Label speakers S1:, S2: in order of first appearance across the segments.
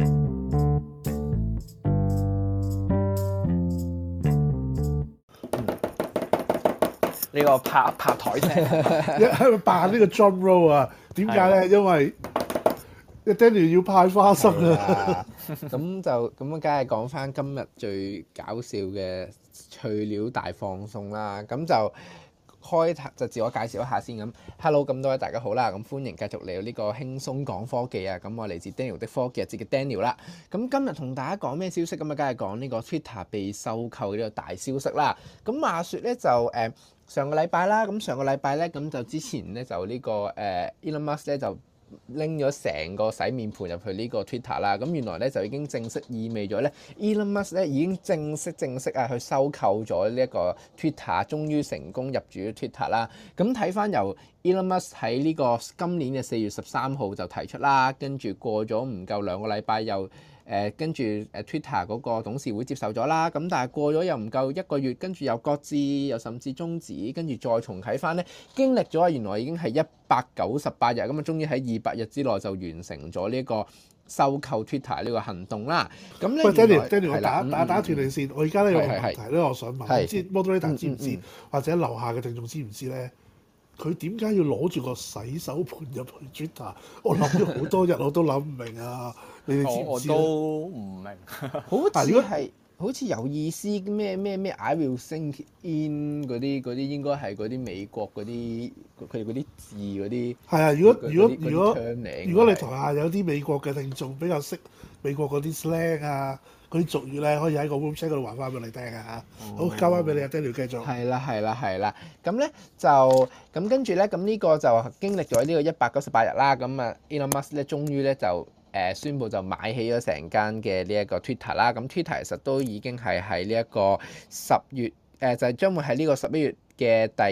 S1: 呢個拍拍台，喺度
S2: 扮呢個 drum roll 啊，點解咧？因為 Daniel 要派花生啊！
S3: 咁就咁啊，梗係講翻今日最搞笑嘅趣料大放送啦！咁就。開頭就自我介紹一下先咁，hello 咁多位大家好啦，咁歡迎繼續嚟到呢個輕鬆講科技啊，咁我嚟自 Daniel 的科技日誌嘅、就是、Daniel 啦，咁今日同大家講咩消息咁啊？梗係講呢個 Twitter 被收購呢個大消息啦。咁話說咧就誒、呃、上個禮拜啦，咁上個禮拜咧咁就之前咧就呢、這個誒、呃、Elon Musk 咧就。拎咗成個洗面盤入去呢個 Twitter 啦，咁原來呢，就已經正式意味咗呢 Elon Musk 呢已經正式正式啊，去收購咗呢一個 Twitter，終於成功入主咗 Twitter 啦。咁睇翻由，Elon Musk 喺呢個今年嘅四月十三號就提出啦，跟住過咗唔夠兩個禮拜又誒、呃，跟住 Twitter 嗰個董事會接受咗啦。咁但係過咗又唔夠一個月，跟住又擱置又甚至終止，跟住再重啟翻呢，經歷咗原來已經係一百九十八日，咁、嗯、啊，嗯我嗯嗯嗯、終於喺二百日之內就完成咗呢個收購 Twitter 呢個行動啦。咁呢 j 我打打打斷
S2: 電線，我而家咧有問題咧，我想問，唔知 Moderator 知唔知，或者樓下嘅聽眾知唔知呢？佢點解要攞住個洗手盆入去轉我諗咗好多日我、啊知知我，我都諗唔明啊！你哋知唔知啊？我都唔明，如果好似係好似有意
S3: 思咩咩咩，I will
S2: sink in
S3: 嗰啲啲，應該係嗰啲美國嗰啲佢哋嗰啲字嗰啲。係啊，如果如果如果
S2: 如果你台下有啲美國嘅聽眾比較識。美國嗰啲 slang 啊，嗰啲俗語咧，可以喺個 r o o m s a p p 嗰度玩翻俾你聽嘅嚇。Oh, 好交翻俾你啊，
S3: 爹，爹，你要繼續。係啦係啦係啦。咁咧就咁跟住咧，咁呢個就經歷咗、e、呢個一百九十八日啦。咁啊，Elon Musk 咧，終於咧就誒、呃、宣布就買起咗成間嘅呢一個 Twitter 啦。咁 Twitter 其實都已經係喺呢一個十月。誒就係將會喺呢個十一月嘅第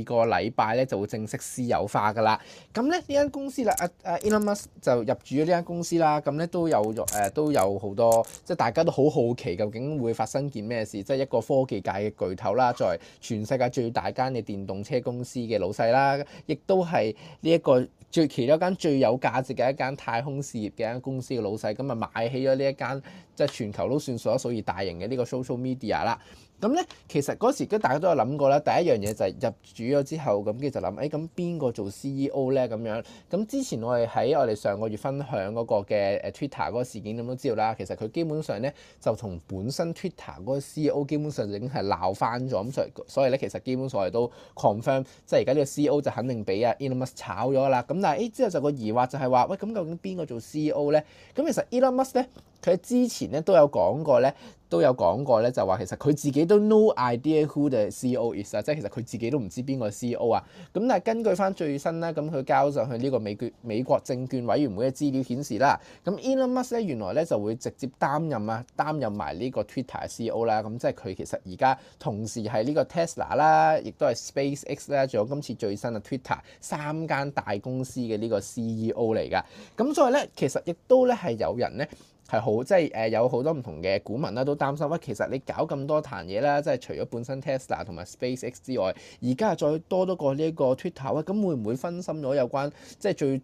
S3: 二個禮拜咧，就會正式私有化噶啦。咁咧呢間公司啦，阿阿 Elon Musk 就入主咗呢間公司啦。咁咧都有誒都有好多即係大家都好好奇究竟會發生件咩事？即係一個科技界嘅巨頭啦，作為全世界最大間嘅電動車公司嘅老細啦，亦都係呢一個最其中一間最有價值嘅一間太空事業嘅一間公司嘅老細，咁啊，買起咗呢一間即係全球都算數一數二大型嘅呢個 social media 啦。咁咧，其實嗰時都大家都有諗過啦。第一樣嘢就係入主咗之後，咁跟住就諗，誒咁邊個做 CEO 咧？咁樣咁之前我哋喺我哋上個月分享嗰個嘅 Twitter 嗰個事件，咁都知道啦。其實佢基本上咧就同本身 Twitter 嗰個 CEO 基本上已經係鬧翻咗。咁所以所以咧，其實基本上我哋都 confirm，即係而家呢個 CEO 就肯定俾啊 Elon Musk 炒咗啦。咁但係誒、哎、之後就個疑惑就係話，喂咁究竟邊個做 CEO 咧？咁其實 Elon Musk 咧。佢之前咧都有講過咧，都有講過咧，就話其實佢自己都 no idea who the CEO is 啊，即係其實佢自己都唔知邊個 CEO 啊。咁但係根據翻最新啦，咁佢交上去呢個美券美國證券委員會嘅資料顯示啦，咁 Elon Musk 咧原來咧就會直接擔任啊，擔任埋呢個 Twitter 嘅 CEO 啦。咁即係佢其實而家同時係呢個 Tesla 啦，亦都係 SpaceX 啦，仲有今次最新嘅 Twitter 三間大公司嘅呢個 CEO 嚟㗎。咁所以咧，其實亦都咧係有人咧。係好，即係誒有好多唔同嘅股民啦，都擔心啊。其實你搞咁多壇嘢啦，即係除咗本身 Tesla 同埋 SpaceX 之外，而家再多咗個呢一個 Twitter 啊，咁會唔會分心咗有關即係最？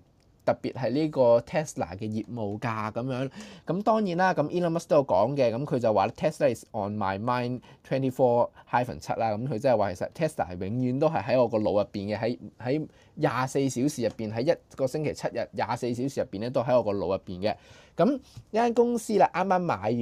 S3: 特別係呢個 Tesla 嘅業務價咁樣，咁當然啦。咁 Elon Musk 都有講嘅，咁佢就話 Tesla is on my mind 24-7啦。咁佢即係話其實 Tesla 係永遠都係喺我個腦入邊嘅，喺喺廿四小時入邊，喺一個星期七日廿四小時入邊咧，都喺我個腦入邊嘅。咁一間公司啦，啱啱買完，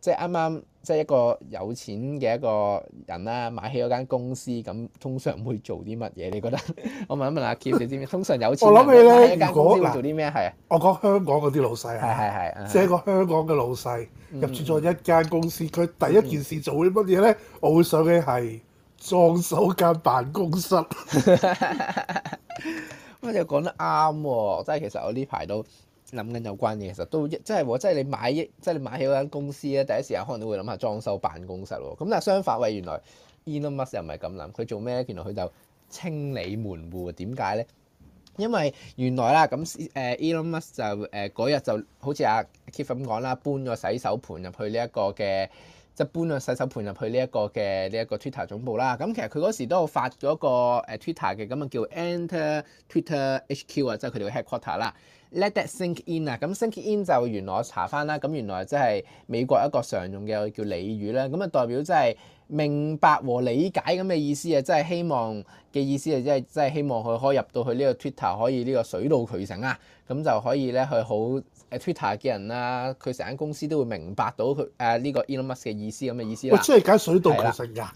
S3: 即係啱啱。即係一個有錢嘅一個人啦，買起嗰間公司咁，通常會做啲乜嘢？你覺得 我問一問阿、啊、K，ip，你知唔知？通常有錢人我諗起咧，如果嗱，是
S2: 我講香港嗰啲老細啊，係係係，即係一個香港嘅老細入住咗一間公司，佢、嗯、第一件事做啲乜嘢咧？嗯、我會想起係裝修間辦公室。
S3: 乜又講得啱喎、哦？即係其實我呢排都～諗緊有關嘅其實都即係即係你買即係你買起嗰間公司咧，第一時間可能都會諗下裝修辦公室喎。咁但係相反，喂原來 Elon Musk 又唔係咁諗，佢做咩咧？原來佢就清理門戶。點解咧？因為原來啦咁誒 Elon Musk 就誒嗰日就好似阿 Keith 咁講啦，搬咗洗手盆入去呢一個嘅。即搬個洗手盆入去呢一個嘅呢一個 Twitter 總部啦，咁其實佢嗰時都有發咗個誒 Twitter 嘅，咁啊叫 Enter Twitter HQ 啊，即係佢哋嘅 headquarter 啦。Let that sink in 啊，咁 sink in 就原來我查翻啦，咁原來即係美國一個常用嘅叫俚語啦，咁啊代表即係。明白和理解咁嘅意思啊，即係希望嘅意思啊、即係，即係即係希望佢可以入到去呢個 Twitter 可以呢個水到渠成啊，咁就可以咧去好 Twitter 嘅人啦，佢成間公司都會明白到佢誒呢個 Elon Musk 嘅意思咁嘅意思啦。喂，即係梗
S2: 水到渠成
S3: 㗎。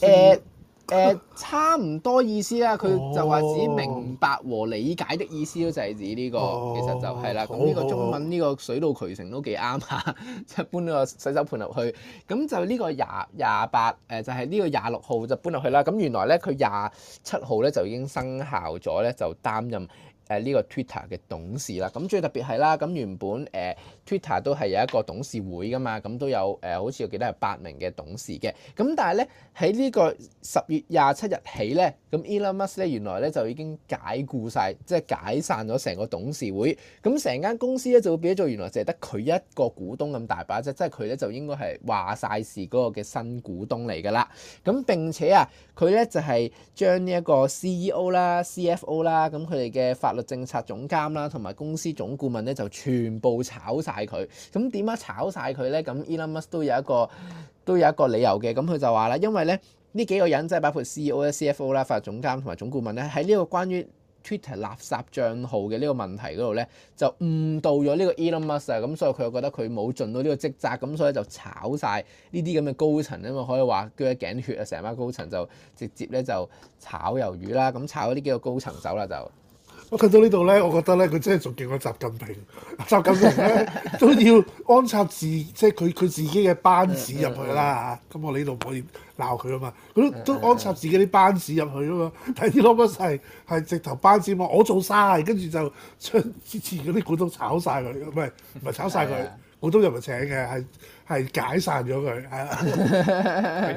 S3: 的誒 誒、呃、差唔多意思啦，佢就話指明白和理解的意思咯，就係指呢、呢個，哦、其實就係啦。咁呢、哦、個中文呢、呢個水到渠成都幾啱吓，即 係搬呢個洗手盆入去。咁就呢個廿廿八誒，就係呢個廿六號就搬入去啦。咁原來咧佢廿七號咧就已經生效咗咧，就擔任。誒，呢個 Twitter 嘅董事啦，咁最特別係啦，咁原本誒、呃、Twitter 都係有一個董事會噶嘛，咁都有誒、呃、好似我記得係八名嘅董事嘅，咁但係咧喺呢個十月廿七日起咧，咁 Elon Musk 咧原來咧就已經解僱晒，即係解散咗成個董事會，咁成間公司咧就會變咗做原來淨係得佢一個股東咁大把啫，即係佢咧就應該係話晒事嗰個嘅新股東嚟㗎啦，咁並且啊佢咧就係將呢一個 CEO 啦、CFO 啦，咁佢哋嘅發律政策總監啦，同埋公司總顧問咧，就全部炒晒佢。咁點解炒晒佢咧？咁 Elon Musk 都有一個都有一個理由嘅。咁佢就話咧，因為咧呢幾個人即係包括 C.E.O. 啦、C.F.O. 啦、法律總監同埋總顧問咧，喺呢個關於 Twitter 垃圾帳號嘅呢個問題嗰度咧，就誤導咗呢個 Elon Musk 啊。咁所以佢又覺得佢冇盡到呢個職責，咁所以就炒晒呢啲咁嘅高層，因為可以話一頸血啊，成班高層就直接咧就炒魷魚啦。咁炒咗呢幾個高層走啦，就。
S2: 我睇到呢度咧，我覺得咧，佢真係仲勁過習近平。習近平咧都要安插自即係佢佢自己嘅班子入去啦。咁 我呢度唔可以鬧佢啊嘛。佢都，都安插自己啲班子入去啊嘛。睇你攞嗰勢係直頭班子喎，我做曬，跟住就將之前嗰啲股東炒晒佢，唔係唔係炒晒佢。 好多人咪請嘅，係係解散咗佢，係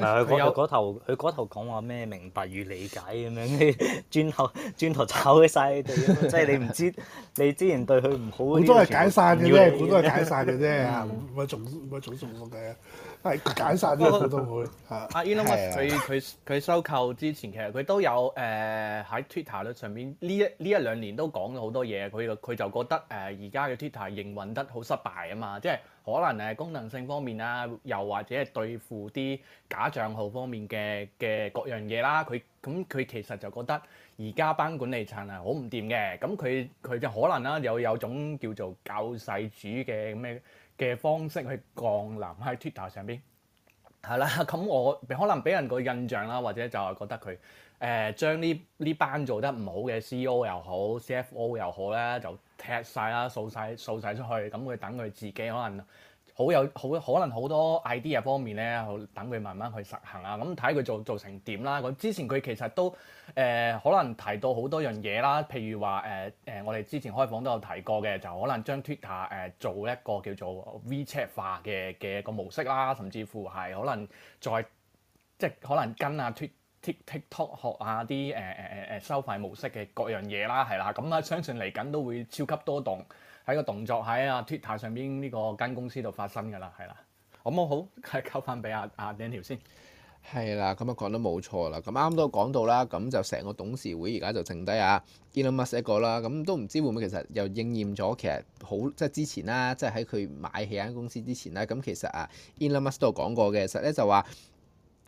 S2: 啊。佢有
S4: 嗰頭，佢嗰頭講話咩明白與理解咁樣，轉頭轉頭炒起晒你哋，即係你唔知你之前對佢唔好。好多係解散嘅啫，好多係解散嘅啫，
S2: 唔係仲唔係仲仲咁計啊！係 解曬都都會。
S1: 阿 Elon 佢佢佢收購之前，其實佢都有誒喺、呃、Twitter 上面呢一呢一兩年都講咗好多嘢。佢佢就覺得誒而、呃、家嘅 Twitter 營運得好失敗啊嘛，即係可能誒、啊、功能性方面啊，又或者係對付啲假帳號方面嘅嘅各樣嘢啦。佢咁佢其實就覺得而家班管理層係好唔掂嘅。咁佢佢就可能啦、啊，又有，有種叫做救世主嘅咩？嘅方式去降臨喺 Twitter 上邊，係 啦、嗯，咁我可能俾人個印象啦，或者就係覺得佢誒將呢呢班做得唔好嘅 CEO 又好 CFO 又好咧，就踢晒啦，掃晒掃曬出去，咁佢等佢自己可能。好有好可能好多 idea 方面咧，等佢慢慢去實行啊！咁睇佢做做成點啦。咁之前佢其實都誒、呃、可能提到好多樣嘢啦，譬如話誒誒，我哋之前開房都有提過嘅，就可能將 Twitter 誒、呃、做一個叫做 WeChat 化嘅嘅一個模式啦，甚至乎係可能再即係可能跟啊 Tik TikTok 學一下啲誒誒誒誒收費模式嘅各樣嘢啦，係啦。咁、嗯、啊，相信嚟緊都會超級多動。喺個動作喺啊 Twitter 上邊，呢個間公司度發生嘅啦，係啦。
S3: 咁我好，係交翻俾阿阿 Daniel 先。係啦，咁啊講得冇錯啦。咁啱都講到啦，咁就成個董事會而家就剩低啊 Elon Musk 一個啦。咁都唔知會唔會其實又應驗咗，其實好即係之前啦，即係喺佢買起間公司之前啦。咁其實啊 Elon Musk 都有講過嘅，其實咧就話。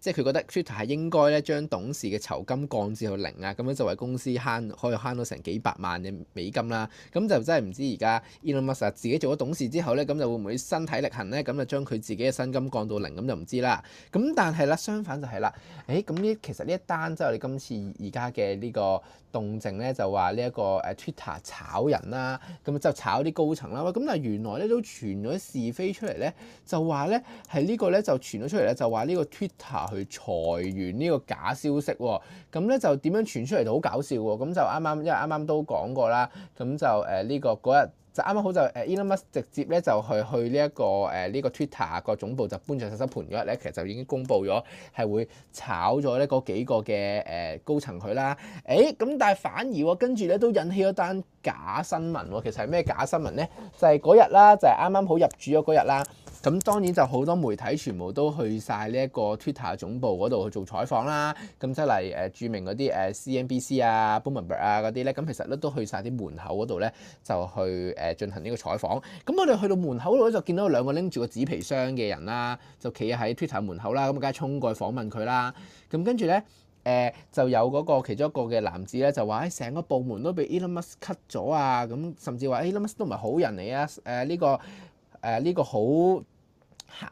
S3: 即係佢覺得 Twitter 係應該咧將董事嘅酬金降至去零啊，咁樣就為公司慳可以慳到成幾百萬嘅美金啦。咁就真係唔知而家 Elon Musk 自己做咗董事之後咧，咁就會唔會身體力行咧，咁就將佢自己嘅薪金降到零，咁就唔知啦。咁但係啦，相反就係、是、啦，誒咁呢其實呢一單即係我哋今次而家嘅呢個動靜咧，就話呢一個誒 Twitter 炒人啦，咁就炒啲高層啦。咁但係原來咧都傳咗是非出嚟咧，就話咧係呢個咧就傳咗出嚟咧，就話呢個 Twitter 去裁員呢個假消息喎、哦，咁咧就點樣傳出嚟就好搞笑喎、哦，咁就啱啱，因為啱啱都講過啦，咁就誒、這、呢個嗰日就啱啱好就誒、e、Elon Musk 直接咧就去去呢一個誒呢、這個 Twitter 個總部就搬進洗手盆嗰日咧，其實就已經公布咗係會炒咗呢嗰幾個嘅誒高層佢啦，誒、欸、咁但係反而跟住咧都引起咗單假新聞喎、哦，其實係咩假新聞咧？就係嗰日啦，就係啱啱好入主咗嗰日啦。咁當然就好多媒體全部都去晒呢一個 Twitter 總部嗰度去做採訪啦。咁即係例如著名嗰啲誒 CNBC 啊、Bloomberg 啊嗰啲咧，咁其實咧都去晒啲門口嗰度咧，就去誒進行呢個採訪。咁我哋去到門口嗰度咧，就見到兩個拎住個紙皮箱嘅人啦，就企喺 Twitter 門口啦。咁梗係衝過去訪問佢啦。咁跟住咧誒就有嗰個其中一個嘅男子咧，就話誒成個部門都被 Elon Musk cut 咗啊！咁甚至話 Elon Musk 都唔係好人嚟啊。誒、呃、呢、呢個誒呢、呃呢個好。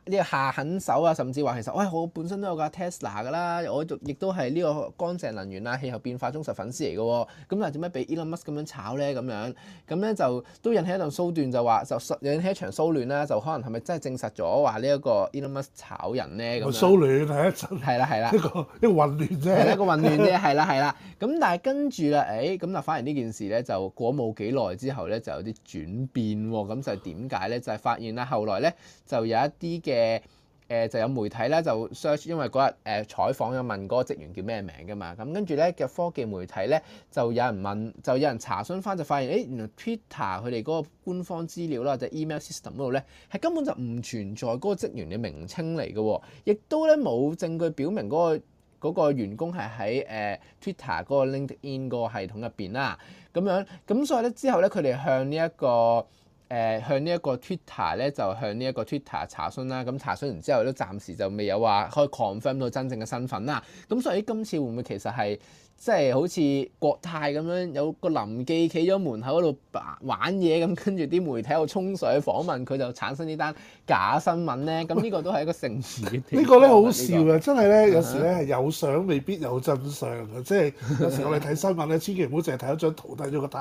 S3: 呢個下狠手啊，甚至話其實，喂，我本身都有架 Tesla 㗎啦，我亦都係呢個乾淨能源啊、氣候變化忠實粉絲嚟嘅喎。咁啊，點解俾 Elon Musk 咁樣炒咧？咁樣咁咧就都引起一陣騷亂，就話就引起一場騷亂啦。就可能係咪真係證實咗話呢一個 Elon Musk 炒人咧？咁騷
S2: 亂係一係啦係啦，一個混亂啫，係一個混亂啫，係
S3: 啦係啦。咁 但係跟住啦，誒咁啊，反而呢件事咧就過冇幾耐之後咧就有啲轉變喎。咁就點解咧？就係發現啦，後來咧就有一啲。啲嘅誒就有媒體咧就 search，因為嗰日誒採訪有問嗰個職員叫咩名㗎嘛，咁跟住咧嘅科技媒體咧就有人問，就有人查詢翻就發現，誒、欸、原來 Twitter 佢哋嗰個官方資料啦或者 email system 度咧係根本就唔存在嗰個職員嘅名稱嚟嘅、哦，亦都咧冇證據表明嗰、個嗰、個、員工係喺誒 Twitter 嗰個 LinkedIn 嗰個系統入邊啦，咁樣咁所以咧之後咧佢哋向呢、呢、一個。誒、呃、向呢一個 Twitter 咧，就向呢一個 Twitter 查詢啦。咁、嗯、查詢完之後都暫時就未有話可以 confirm 到真正嘅身份啦。咁、嗯、所以今次會唔會其實係即係好似國泰咁樣有個臨記企咗門口嗰度玩嘢咁，跟住啲媒體又沖上去訪問佢，就產生呢單假新聞咧。咁呢個都係一個誠詞嘅。呢個咧好笑啊！呢個、真
S2: 係咧，有時咧係有相未必有真相嘅， 即係有時我哋睇新聞咧，千祈唔好淨係睇一張圖睇咗個底。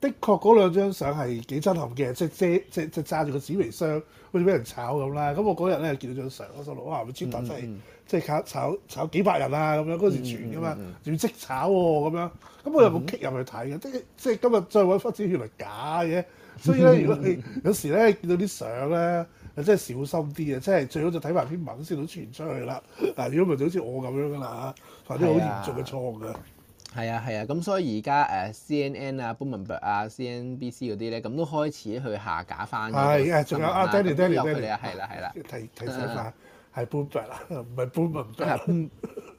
S2: 的確嗰兩張相係幾震撼嘅，即係遮即即揸住個紙皮箱好似俾人炒咁啦。咁我嗰日咧見到張相，我心諗哇，咪專登即係即係炒炒炒幾百人啊咁樣。嗰時傳噶嘛，要即炒喎、哦、咁樣？咁我又冇 click 入去睇嘅，嗯、即係即係今日再位發展，原嚟假嘅。所以咧，如果你有時咧見到啲相咧，真係小心啲啊！真係最好就睇埋篇文先到傳出去啦。嗱，如果唔係，就好似我咁樣啦嚇，犯啲好嚴重嘅錯嘅。
S3: 係啊係啊，咁所以而家誒 CNN 啊、Bloomberg 啊、CNBC 嗰啲咧，咁都開始去下架翻。係，仲有啊，爹哋爹哋佢哋啊，係啦係啦。提提醒翻，
S2: 係 Boomer
S3: 啊，唔係 Bloomberg 啊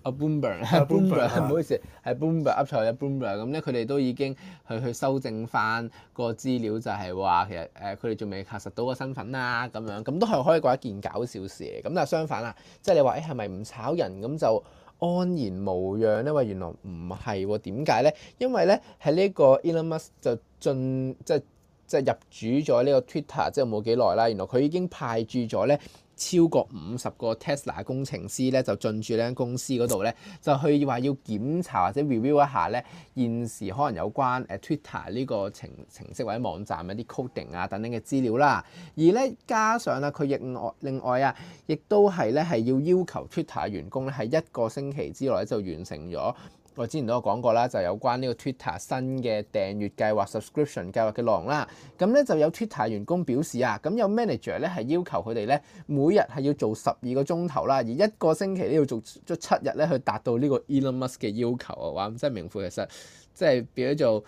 S3: Boomer，Boomer，唔好意思，係 Boomer 噏錯咗 Boomer。咁咧，佢哋都已經去去修正翻個資料，就係話其實誒佢哋仲未核實到個身份啦。咁樣咁都係可以過一件搞笑事嘅。咁但係相反啦，即係你話誒係咪唔炒人咁就？安然無恙咧，喂，原來唔係喎，點解咧？因為咧，喺呢個 Elon Musk 就進，即係即係入主咗呢個 Twitter，即係冇幾耐啦。原來佢已經派駐咗咧。超過五十個 Tesla 工程師咧，就進駐呢間公司嗰度咧，就去話要檢查或者 review 一下咧，現時可能有關誒、uh, Twitter 呢個程程式或者網站一啲 coding 啊等等嘅資料啦。而咧加上啊，佢亦外另外啊，亦都係咧係要要求 Twitter 員工咧喺一個星期之內就完成咗。我之前都有講過啦，就有關呢個 Twitter 新嘅訂閱計劃 subscription 計劃嘅內容啦。咁咧就有 Twitter 員工表示啊，咁有 manager 咧係要求佢哋咧每日係要做十二個鐘頭啦，而一個星期呢要做足七日咧去達到呢個 Elon Musk 嘅要求嘅話，即係名副其實，即係變咗做。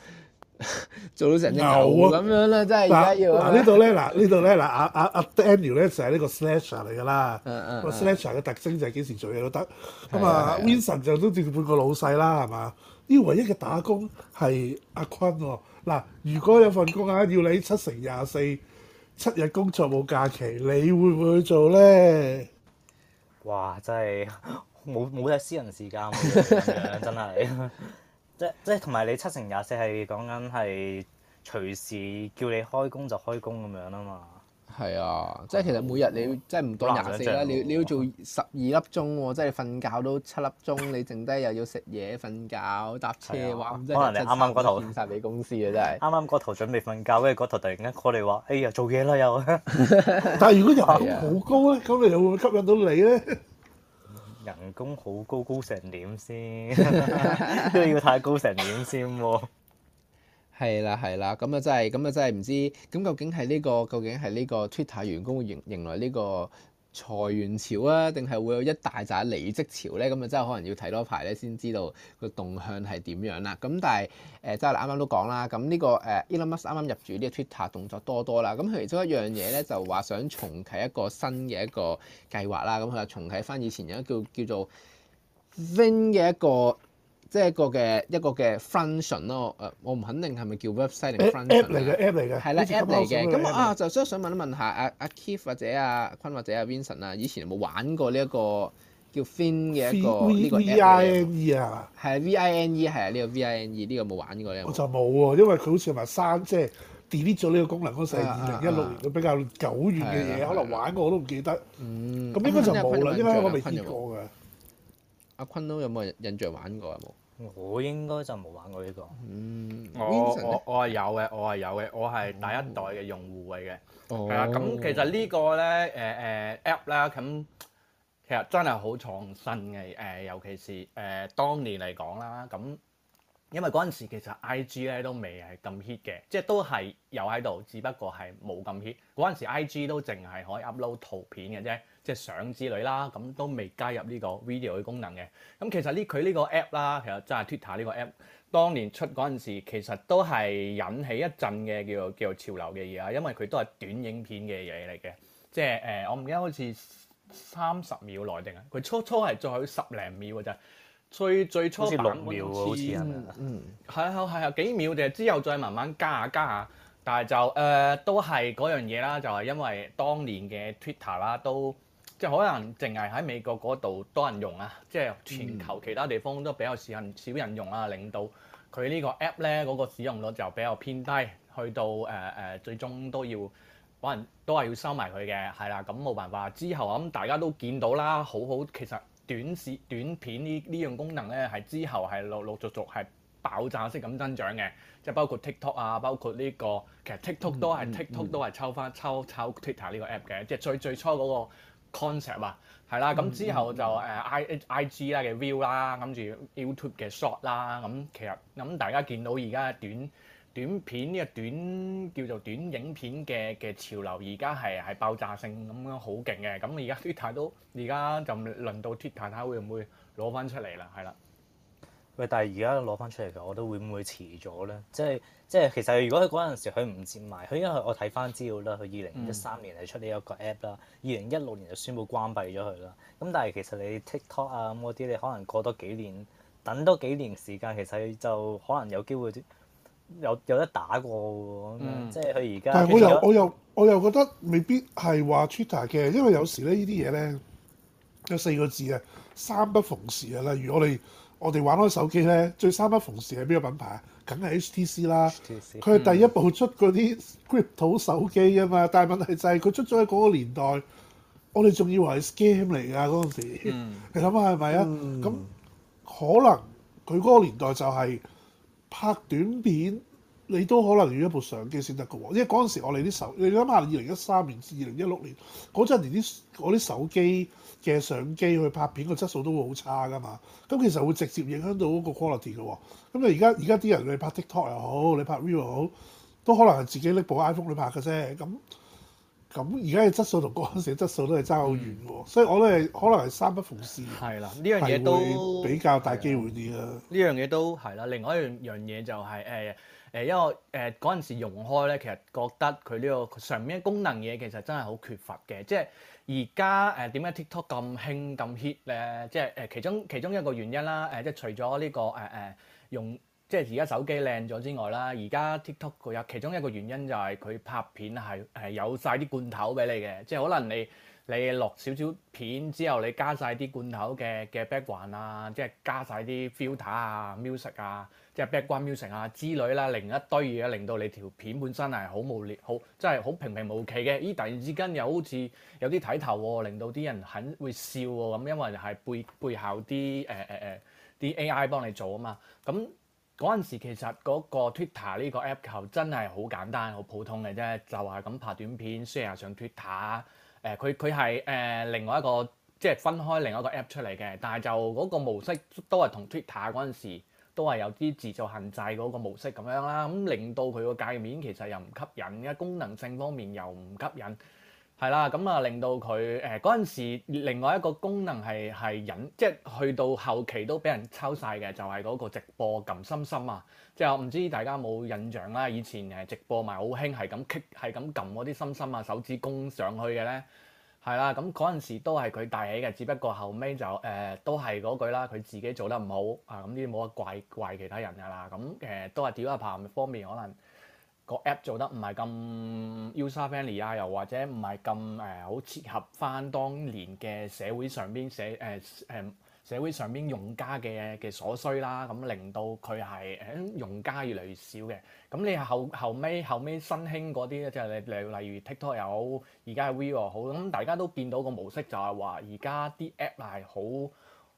S2: 做到成隻牛唉啊！咁
S3: 樣咧，真係而家要嗱呢度
S2: 咧，嗱呢度咧，嗱阿阿阿 Daniel 咧就係呢個 Slasher 嚟噶啦，啊啊、個 s 啦 嗯，嗯 Slasher 嘅特徵就係幾時做嘢都得，咁、嗯、啊 Vincent 就都接半個老細啦，係嘛？呢唯一嘅打工係阿坤喎、哦，嗱，如果有份工啊，要你七成廿四七日工作冇假期，你會唔會去做咧？哇！
S4: 真係冇冇嘅私人時間，真係。真 即係同埋你七成廿四係講緊係隨時叫你開工就開工咁樣啦嘛。係啊，嗯、即係其實每日你，嗯、即係唔到廿四啦，你
S3: 你要做十二粒鐘喎，啊、即係瞓覺都七粒鐘， 你剩低又要食嘢、瞓覺、搭車，即係可能你啱啱嗰
S4: 頭，啱啱嗰頭準備瞓覺，跟住嗰頭突然間過嚟話：哎呀，做嘢啦又。
S2: 但係如果有好高咧，咁你又會會吸引到你咧。
S4: 人工好高高成點先，都 要太高成點先喎，啊 。
S3: 係啦，係啦，咁啊真係，咁啊真係唔知，咁究竟係呢，這個，究竟係呢個 Twitter 員工迎迎來呢，這個。財源潮啊，定係會有一大扎離職潮呢？咁啊，真係可能要睇多排咧，先知道個動向係點樣啦。咁但係誒，即係啱啱都講啦。咁呢、呢個誒、呃、Elon Musk 啱啱入主呢個 Twitter 動作多多啦。咁其中一樣嘢呢，就話想重啟一個新嘅一個計劃啦。咁佢就重啟翻以前一個叫叫做 Vine 嘅一個。即係一個嘅一個嘅 function 咯，誒，我唔肯定係咪叫 website 定 function 嚟嘅。app 嚟嘅，app 嚟嘅。係啦，app 嚟嘅。咁啊，就所以想問一問下阿阿 Keith 或者阿坤或者阿 Vincent 啊，以前有冇玩過呢一個叫 Fin 嘅一個呢個 app 嚟嘅？係 VINE，係啊，呢個 VINE 呢個冇玩過啊。我
S2: 就冇喎，因為佢好似話刪即係 delete 咗呢個功能嗰時，二零一六年都比較久遠嘅嘢，可能玩過我都唔記得。嗯，咁應該就冇啦，因為我未試過
S3: 㗎。阿坤都有冇印象玩過啊？冇。
S4: 我應該就冇玩過呢個。嗯，我
S3: 我
S1: 我係有嘅，我係有嘅，我係第一代嘅用戶嚟嘅。哦，係啊，咁其實呢個咧，誒誒 App 啦，咁其實真係好創新嘅。誒，尤其是誒當年嚟講啦，咁因為嗰陣時其實 IG 咧都未係咁 hit 嘅，即係都係有喺度，只不過係冇咁 hit。嗰陣時 IG 都淨係可以 upload 圖片嘅啫。即係相之類啦，咁都未加入呢個 video 嘅功能嘅。咁其實呢佢呢個 app 啦，其實真係 Twitter 呢個 app，當年出嗰陣時，其實都係引起一陣嘅叫做叫做潮流嘅嘢啊。因為佢都係短影片嘅嘢嚟嘅，即係誒、呃、我唔記得好似三十秒內定啊。佢初初係做佢十零秒嘅啫。最最初版好似六秒喎，好似係咪啊？嗯、啊，係係係幾秒嘅，之後再慢慢加下加下，但係就誒、呃、都係嗰樣嘢啦，就係、是、因為當年嘅 Twitter 啦都。即係可能淨係喺美國嗰度多人用啊，即係全球其他地方都比較少人少人用啊。令到佢呢個 app 咧，嗰、那個使用率就比較偏低，去到誒誒、呃呃，最終都要可能都係要收埋佢嘅係啦。咁冇辦法之後咁，大家都見到啦，好好其實短視短片呢呢樣功能咧係之後係陸,陸陸續續係爆炸式咁增長嘅，即係包括 TikTok 啊，包括呢、這個其實都、嗯嗯嗯、TikTok 都係 TikTok 都係抽翻抽抽 Twitter 呢個 app 嘅，即係最最初嗰、那個 concept 啊，係啦，咁之後就誒 IG 啦嘅 view 啦，跟住 YouTube 嘅 short 啦，咁其實咁大家見到而家短短片呢個短叫做短影片嘅嘅潮流，而家係係爆炸性咁樣好勁嘅，咁而家 Twitter 都而家就輪到 Twitter 睇下會唔會攞
S4: 返出嚟啦？係啦。喂，但係而家攞翻出嚟嘅我都會唔會遲咗咧？即係即係其實，如果佢嗰陣時佢唔接埋，佢因為我睇翻資料啦，佢二零一三年係出呢一個 app 啦，二零一六年就宣布關閉咗佢啦。咁但係其實你 TikTok 啊咁嗰啲，你可能過多幾年，等多幾年時間，其實就可能有機會有有，有得打過喎。嗯、即係佢而家。但係我又在我
S2: 又我又覺得未必係話 Twitter 嘅，因為有時咧呢啲嘢咧有四個字啊，生不逢時啊。例如我哋。我哋玩開手機咧，最三不逢時係邊個品牌啊？梗係 HTC 啦，佢 H TC, 係第一部出嗰啲 grip 圖手機啊嘛，嗯、但問題就係，佢出咗喺嗰個年代，我哋仲以為係 scam 嚟㗎嗰陣時。嗯、你諗下係咪啊？咁、嗯、可能佢嗰個年代就係、是、拍短片，你都可能要一部相機先得㗎喎。因為嗰陣時我哋啲手，你諗下二零一三年至二零一六年嗰陣時啲嗰啲手機。嘅相機去拍片個質素都會好差噶嘛，咁其實會直接影響到嗰個 quality 嘅喎。咁你而家而家啲人你拍 TikTok 又好，你拍 Reel 又好，都可能係自己拎部 iPhone 去拍嘅啫。咁咁而家嘅質素同嗰陣時嘅質素都係爭好遠喎。嗯、所以我都係可能係生不逢時。係啦，呢樣嘢都比較大機會啲啦。
S1: 呢樣嘢都係啦。另外一樣嘢就係、是、誒。欸誒因為誒嗰陣時用開咧，其實覺得佢呢、這個上面功能嘢其實真係好缺乏嘅，即係而家誒點解 TikTok 咁興咁 hit 咧？即係誒、呃、其中其中一個原因啦，誒、呃、即係除咗呢、這個誒誒、呃、用，即係而家手機靚咗之外啦，而家 TikTok 佢有其中一個原因就係佢拍片係誒、呃、有晒啲罐頭俾你嘅，即係可能你。你落少少片之後，你加晒啲罐頭嘅嘅 background 啊，即係加晒啲 filter 啊、music 啊，即係 background music 啊之類啦，另一堆嘢令到你條片本身係好無聊，好真係好平平無奇嘅。咦！突然之間又好似有啲睇頭喎，令到啲人肯會笑喎咁，因為係背背後啲誒誒誒啲 AI 幫你做啊嘛。咁嗰陣時其實嗰個 Twitter 呢個 app 球真係好簡單、好普通嘅啫，就係咁拍短片 share 上 Twitter。誒佢佢係誒另外一個，即係分開另外一個 app 出嚟嘅，但係就嗰個模式都係同 Twitter 嗰陣時都係有啲字數限制嗰個模式咁樣啦，咁、嗯、令到佢個界面其實又唔吸引，而功能性方面又唔吸引。係啦，咁啊令到佢誒嗰陣時，另外一個功能係係引，即係去到後期都俾人抄晒嘅，就係、是、嗰個直播撳心心啊！即係我唔知大家有冇印象啦，以前誒直播咪好興係咁 click 係咁撳嗰啲心心啊手指攻上去嘅咧，係啦，咁嗰陣時都係佢帶起嘅，只不過後尾就誒、呃、都係嗰句啦，佢自己做得唔好啊，咁呢啲冇得怪怪其他人㗎啦，咁誒、呃、都係屌下炮方面可能。個 app 做得唔係咁 user friendly 啊，又或者唔係咁誒好切合翻當年嘅社會上邊社誒誒、呃、社會上邊用家嘅嘅所需啦，咁令到佢係誒用家越嚟越少嘅。咁你後後尾後尾新興嗰啲，即係例例如 TikTok 又好，而家 w v i b o 好，咁大家都見到個模式就係話而家啲 app 係好。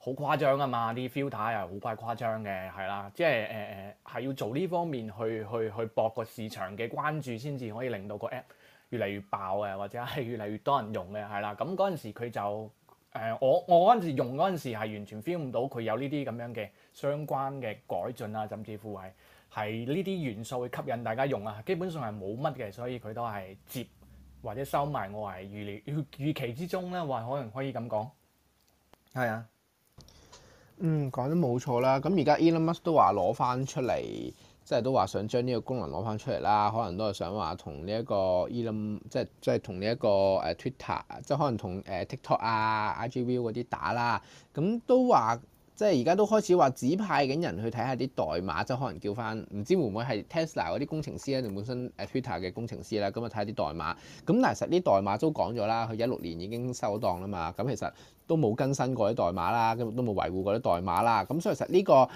S1: 好誇張啊嘛！啲 filter 又好鬼誇張嘅，係啦，即係誒誒係要做呢方面去去去去博個市場嘅關注，先至可以令到個 app 越嚟越爆嘅，或者係越嚟越多人用嘅，係啦。咁嗰陣時佢就誒、呃、我我嗰陣時用嗰陣時係完全 feel 唔到佢有呢啲咁樣嘅相關嘅改進啊，甚至乎係係呢啲元素去吸引大家用啊。基本上係冇乜嘅，所以佢都係接或者收埋，我係預料預期之中啦，或可能可以咁講係啊。
S3: 嗯，講得冇錯啦。咁而家 Elon Musk 都話攞翻出嚟，即係都話想將呢個功能攞翻出嚟啦。可能都係想話同呢一個 Elon，即係即係同呢一個誒 Twitter，即係可能同誒 TikTok 啊、IGV 嗰啲打啦。咁都話。即係而家都開始話指派緊人去睇下啲代碼，即係可能叫翻唔知會唔會係 Tesla 嗰啲工程師咧，定本身 Twitter 嘅工程師啦，咁啊睇下啲代碼。咁但係其實啲代碼都講咗啦，佢一六年已經收咗檔啦嘛，咁其實都冇更新過啲代碼啦，咁都冇維護過啲代碼啦，咁所以其實呢個。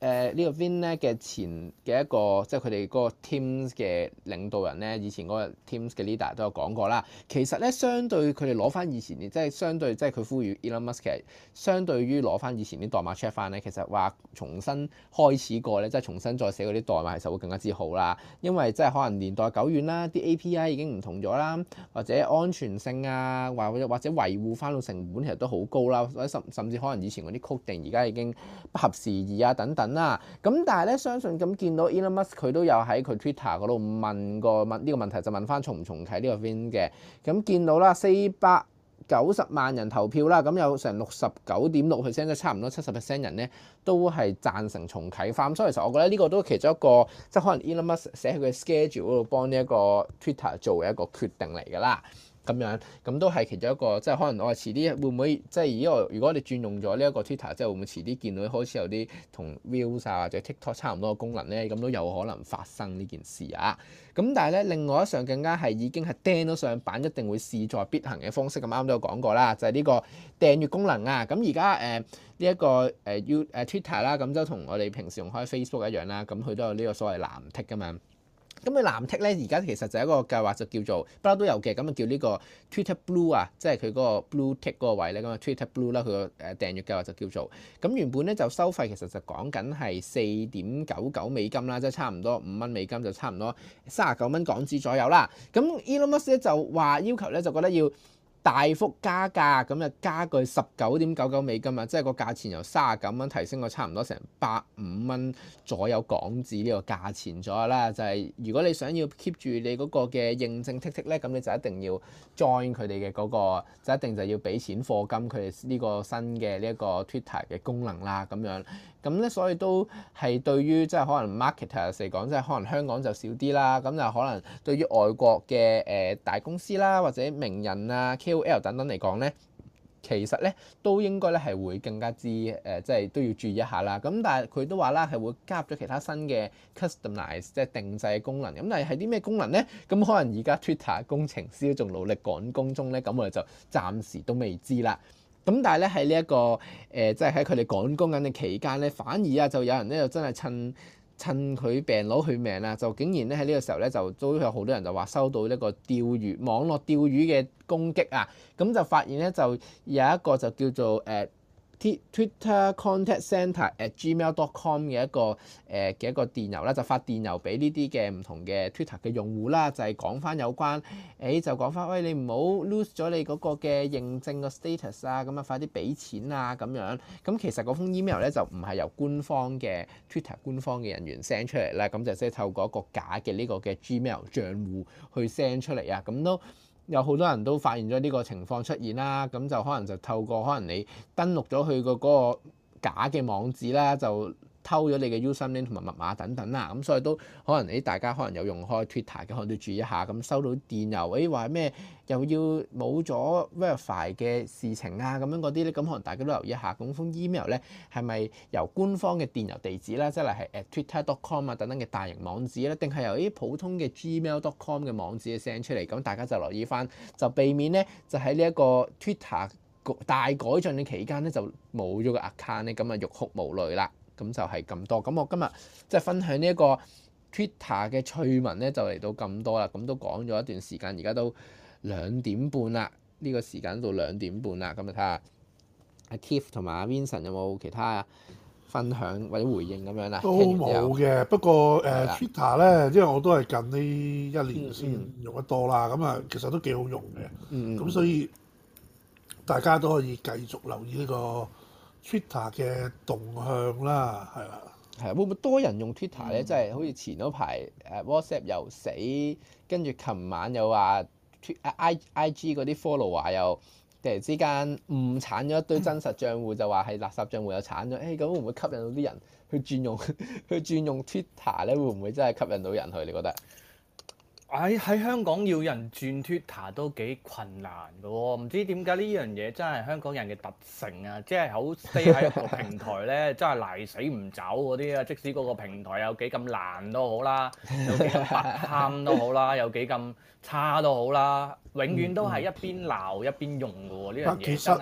S3: 誒呢個 Vin 咧嘅前嘅一個，即係佢哋個 Teams 嘅領導人咧，以前個 Teams 嘅 leader 都有講過啦。其實咧，相對佢哋攞翻以前即係相對即係佢呼籲 Elon Musk 其實相對於攞翻以前啲代碼 check 翻咧，其實話重新開始過咧，即係重新再寫啲代碼，其實會更加之好啦。因為即係可能年代久遠啦，啲 API 已經唔同咗啦，或者安全性啊，或者或者維護翻到成本其實都好高啦，甚甚至可能以前嗰啲 coding 而家已經不合時宜啊等等。嗱，咁但係咧，相信咁見到 Elon Musk 佢都有喺佢 Twitter 嗰度問過問呢個問題，就問翻重唔重啟呢個 Vine 嘅。咁見到啦，四百九十萬人投票啦，咁有成六十九點六 percent，即差唔多七十 percent 人咧，都係贊成重啟翻。所以其實我覺得呢個都係其中一個，即係可能 Elon Musk 寫喺佢嘅 schedule 度幫呢一個 Twitter 做一個決定嚟㗎啦。咁樣，咁都係其中一個，即係可能我遲啲會唔會，即係而家我如果你轉用咗呢一個 Twitter，即係會唔會遲啲見到開始有啲同 Vine 啊或者 TikTok 差唔多嘅功能咧？咁都有可能發生呢件事啊。咁但係咧，另外一樣更加係已經係釘咗上版，一定會勢在必行嘅方式。咁啱都有講過啦，就係、是、呢個訂閱功能啊。咁而家誒呢一個誒 U 誒 Twitter 啦，咁就同我哋平時用開 Facebook 一樣啦。咁佢都有呢個所謂藍 tick 噶嘛。咁啊藍剔咧，而家其實就一個計劃就叫做不嬲都有嘅，咁啊叫呢個 Twitter Blue 啊，即係佢嗰個 Blue tick 嗰個位咧，咁啊 Twitter Blue 啦，佢個誒訂閱計劃就叫做，咁原本咧就收費其實就講緊係四點九九美金啦，即係差唔多五蚊美金就差唔多三十九蚊港紙左右啦。咁 Elon Musk 咧就話要求咧就覺得要。大幅加價咁啊，加佢十九點九九美金啊，即係個價錢由三十九蚊提升到差唔多成百五蚊左右港紙呢個價錢左右啦。就係、是、如果你想要 keep 住你嗰個嘅認證 tick tick 咧，咁你就一定要 join 佢哋嘅嗰個，就一定就要俾錢課金佢哋呢個新嘅呢一個 Twitter 嘅功能啦咁樣。咁咧，所以都係對於即係可能 marketers 嚟講，即係可能香港就少啲啦。咁就可能對於外國嘅誒大公司啦，或者名人啊。KOL 等等嚟講咧，其實咧都應該咧係會更加之誒，即、呃、係、就是、都要注意一下啦。咁但係佢都話啦，係會加入咗其他新嘅 customize，即係定制嘅功能。咁但係係啲咩功能咧？咁可能而家 Twitter 工程師都仲努力趕工中咧，咁我哋就暫時都未知啦。咁但係咧，喺呢一個誒，即係喺佢哋趕工緊嘅期間咧，反而啊就有人咧就真係趁。趁佢病攞佢命啦，就竟然咧喺呢個時候咧，就都有好多人就話收到呢個釣魚網絡釣魚嘅攻擊啊，咁就發現咧就有一個就叫做誒。呃 T Twitter Contact Center at Gmail dot com 嘅一個誒嘅、呃、一個電郵啦，就發電郵俾呢啲嘅唔同嘅 Twitter 嘅用戶啦，就係、是、講翻有關，誒、欸、就講翻，喂，你唔好 lose 咗你嗰個嘅認證個 status 啊，咁啊快啲俾錢啊咁樣，咁其實嗰封 email 咧就唔係由官方嘅 Twitter 官方嘅人員 send 出嚟啦，咁就即係透過一個假嘅呢個嘅 Gmail 帳戶去 send 出嚟啊，咁都。有好多人都發現咗呢個情況出現啦，咁就可能就透過可能你登錄咗佢個嗰個假嘅網址啦，就。偷咗你嘅 username 同埋密碼等等啦，咁所以都可能誒，大家可能有用開 Twitter 嘅，可能都注意一下咁收到電郵誒話咩又要冇咗 verify 嘅事情啊，咁樣嗰啲咧，咁可能大家都留意一下。咁封 email 咧係咪由官方嘅電郵地址啦，即係係誒 Twitter.com 啊等等嘅大型網址咧，定係由啲普通嘅 gmail.com 嘅網址嘅 send 出嚟？咁大家就留意翻，就避免咧就喺呢一個 Twitter 大改進嘅期間咧就冇咗個 account 咧，咁啊欲哭無淚啦～咁就係咁多。咁我今日即係分享呢一個 Twitter 嘅趣聞咧，就嚟到咁多啦。咁都講咗一段時間，而家都兩點半啦。呢個時間到兩點半啦。咁啊睇下阿 Keith 同埋阿 Vincent 有冇其他分享或者回應咁樣啦。都冇
S2: 嘅。不過誒、呃、吧 Twitter 咧，因為我都係近呢一年先用得多啦。咁啊、mm，hmm。其實都幾好用嘅。咁、mm hmm。所以大家都可以繼續留意呢個。Twitter 嘅動向啦，係啦，係啊，會唔會多人用 Twitter 咧？即係好似前嗰排
S3: 誒 WhatsApp 又死，跟住琴晚又話 IG 嗰啲 follower 話又突然之間誤鏟咗一堆真實賬戶，就話係垃圾賬戶又鏟咗。誒、欸，咁會唔會吸引到啲人去轉用去轉用 Twitter 咧？會唔會真係吸引到人去？你覺得？
S1: 喺喺香港要人轉 Twitter 都幾困難嘅喎，唔知點解呢樣嘢真係香港人嘅特性啊！即係好 stay 喺一個平台咧，真係賴死唔走嗰啲啊！即使嗰個平台有幾咁爛都好啦，有幾咁
S2: 不
S1: 堪都好啦，有幾咁差都好啦，永遠都係一邊鬧一邊用嘅喎，呢樣嘢真係。其實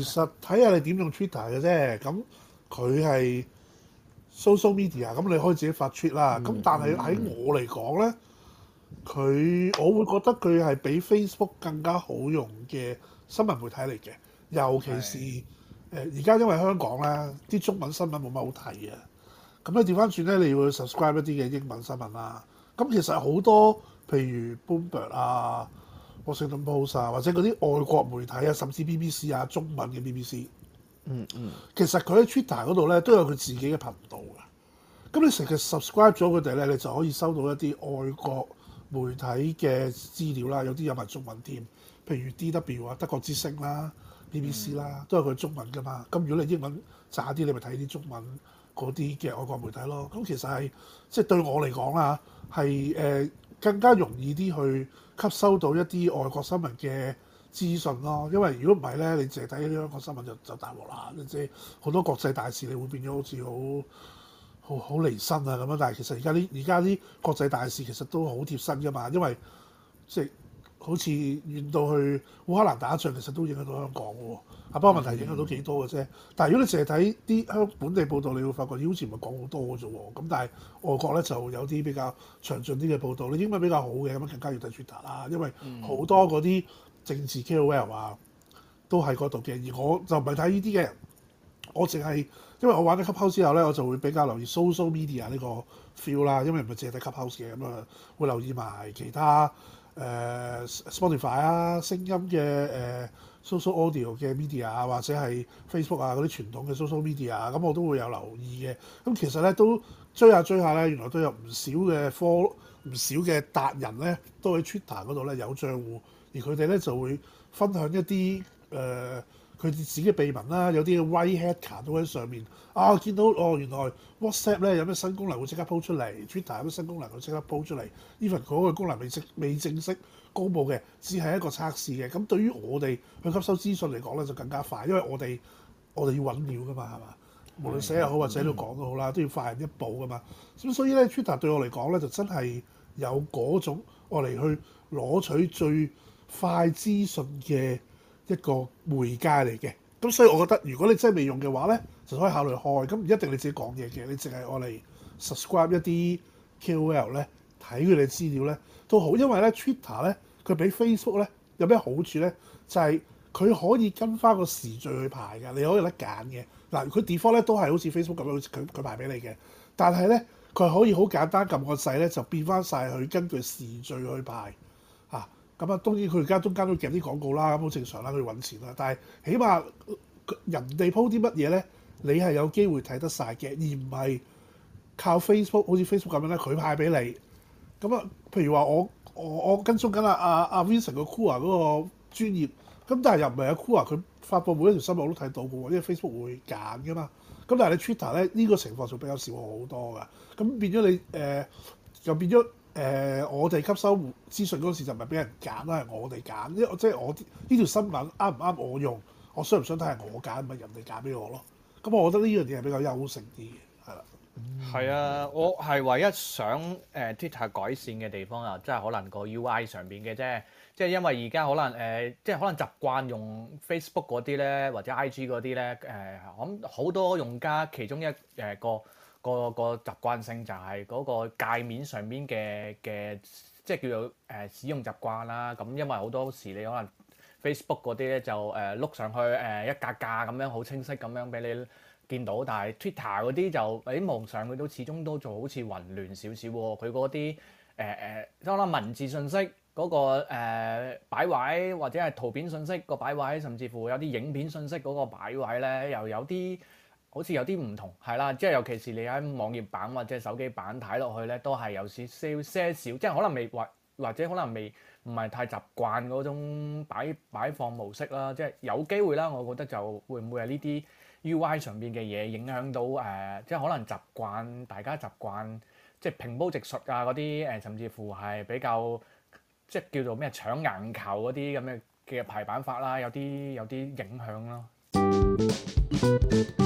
S2: 其實睇下你點用 Twitter 嘅啫，咁佢係 social media，咁你可以自己發 tweet 啦，咁但係喺我嚟講咧。佢我會覺得佢係比 Facebook 更加好用嘅新聞媒體嚟嘅，尤其是誒而家因為香港咧啲中文新聞冇乜好睇嘅。咁你調翻轉咧，你要去 subscribe 一啲嘅英文新聞啦。咁其實好多譬如 Bloomberg 啊、Washington Post 啊，或者嗰啲外國媒體啊，甚至 BBC 啊中文嘅 BBC，嗯嗯，hmm. 其實佢喺 Twitter 嗰度咧都有佢自己嘅頻道嘅。咁你成日 subscribe 咗佢哋咧，你就可以收到一啲外國媒體嘅資料啦，有啲有埋中文添，譬如 DW 啊、德國之聲啦、BBC 啦，都係佢中文㗎嘛。咁如果你英文渣啲，你咪睇啲中文嗰啲嘅外國媒體咯。咁其實係即係對我嚟講啊，係誒、呃、更加容易啲去吸收到一啲外國新聞嘅資訊咯。因為如果唔係咧，你淨係睇啲香港新聞就就大鑊啦。即係好多國際大事，你會變咗好似好。好好離身啊咁樣，但係其實而家啲而家啲國際大事其實都好貼身噶嘛，因為即係、就是、好似遠到去烏克蘭打仗，其實都影響到香港喎。不過問題影響到幾多嘅啫。但係如果你淨係睇啲香本地報道，你會發覺似唔係講好多嘅啫。咁但係外國咧就有啲比較詳盡啲嘅報道，你英文比較好嘅，咁更加要睇 Twitter 啦。因為好多嗰啲政治 KOL 啊都喺嗰度嘅，而我就唔係睇呢啲嘅人，我淨係。因為我玩咗 c l h o u s e 之後咧，我就會比較留意 social media 呢個 feel 啦。因為唔係淨係 c l u h o u s e 嘅，咁、嗯、啊會留意埋其他誒、呃、Spotify 啊、聲音嘅誒、呃、social audio 嘅 media，或者係 Facebook 啊嗰啲傳統嘅 social media、嗯。咁我都會有留意嘅。咁、嗯、其實咧都追下追下咧，原來都有唔少嘅科唔少嘅達人咧，都喺 Twitter 嗰度咧有賬戶，而佢哋咧就會分享一啲誒。呃佢自己嘅秘聞啦、啊，有啲嘅威黑客都喺上面啊，見到哦原來 WhatsApp 咧有咩新功能會即刻鋪出嚟，Twitter 有咩新功能會即刻鋪出嚟。Even 嗰個功能未正未正式公佈嘅，只係一個測試嘅。咁對於我哋去吸收資訊嚟講咧，就更加快，因為我哋我哋要揾料噶嘛，係嘛？的無論寫又好，好，或者喺度講都好啦，都要快人一步噶嘛。咁所以咧，Twitter 對我嚟講咧，就真係有嗰種我嚟去攞取最快資訊嘅。一個媒介嚟嘅，咁所以我覺得如果你真係未用嘅話咧，就可以考慮開。咁唔一定你自己講嘢嘅，你淨係攞嚟 subscribe 一啲 KOL 咧睇佢哋資料咧都好，因為咧 Twitter 咧佢比 Facebook 咧有咩好處咧？就係、是、佢可以跟翻個時序去排嘅，你可以得揀嘅。嗱、呃，佢 default 咧都係好似 Facebook 咁樣佢佢排俾你嘅，但係咧佢可以好簡單撳個掣咧就變翻晒去根據時序去排。咁啊、嗯，當然佢而家中間都夾啲廣告啦，咁好正常啦，佢揾錢啦。但係起碼人哋鋪啲乜嘢咧，你係有機會睇得晒嘅，而唔係靠 Facebook 好似 Facebook 咁樣咧，佢派俾你。咁、嗯、啊，譬如話我我我跟蹤緊啊阿、啊啊、Vincent 個 Cooler 嗰個專業，咁、嗯、但係又唔係啊 Cooler 佢發布每一條新聞我都睇到嘅喎，因為 Facebook 會揀嘅嘛。咁、嗯、但係你 Twitter 咧呢、呢個情況就比較少好多嘅。咁、嗯、變咗你誒、呃，就變咗。誒、呃，我哋吸收資訊嗰時就唔係俾人揀啦，係我哋揀，因為即係我呢條新聞啱唔啱我用，我想唔想要睇係我揀，咪係人哋揀俾我咯。咁我覺得呢樣嘢係比較優勝啲嘅，係啦、嗯。
S1: 係啊，我係唯一想誒、呃、Twitter 改善嘅地方啊，即、就、係、是、可能個 UI 上邊嘅啫，即、就、係、是、因為而家可能誒，即、呃、係、就是、可能習慣用 Facebook 嗰啲咧，或者 IG 嗰啲咧，誒、呃，我諗好多用家其中一誒個。呃那個、那個習慣性就係嗰個界面上邊嘅嘅，即係叫做誒、呃、使用習慣啦。咁因為好多時你可能 Facebook 嗰啲咧就誒碌、呃、上去誒、呃、一格格咁樣好清晰咁樣俾你見到，但係 Twitter 嗰啲就喺網上佢都始終都做好似混亂少少。佢嗰啲誒誒，當、呃、啦、就是、文字信息嗰、那個誒、呃、擺位，或者係圖片信息個擺位，甚至乎有啲影片信息嗰個擺位咧，又有啲。好似有啲唔同，係啦，即係尤其是你喺網頁版或者手機版睇落去咧，都係有少少些少，即係可能未或或者可能未唔係太習慣嗰種擺，擺放模式啦，即係有機會啦，我覺得就會唔會係呢啲 UI 上邊嘅嘢影響到誒、呃，即係可能習慣大家習慣即係平鋪直述啊嗰啲誒，甚至乎係比較即係叫做咩搶眼球嗰啲咁嘅嘅排版法啦，有啲有啲影響咯。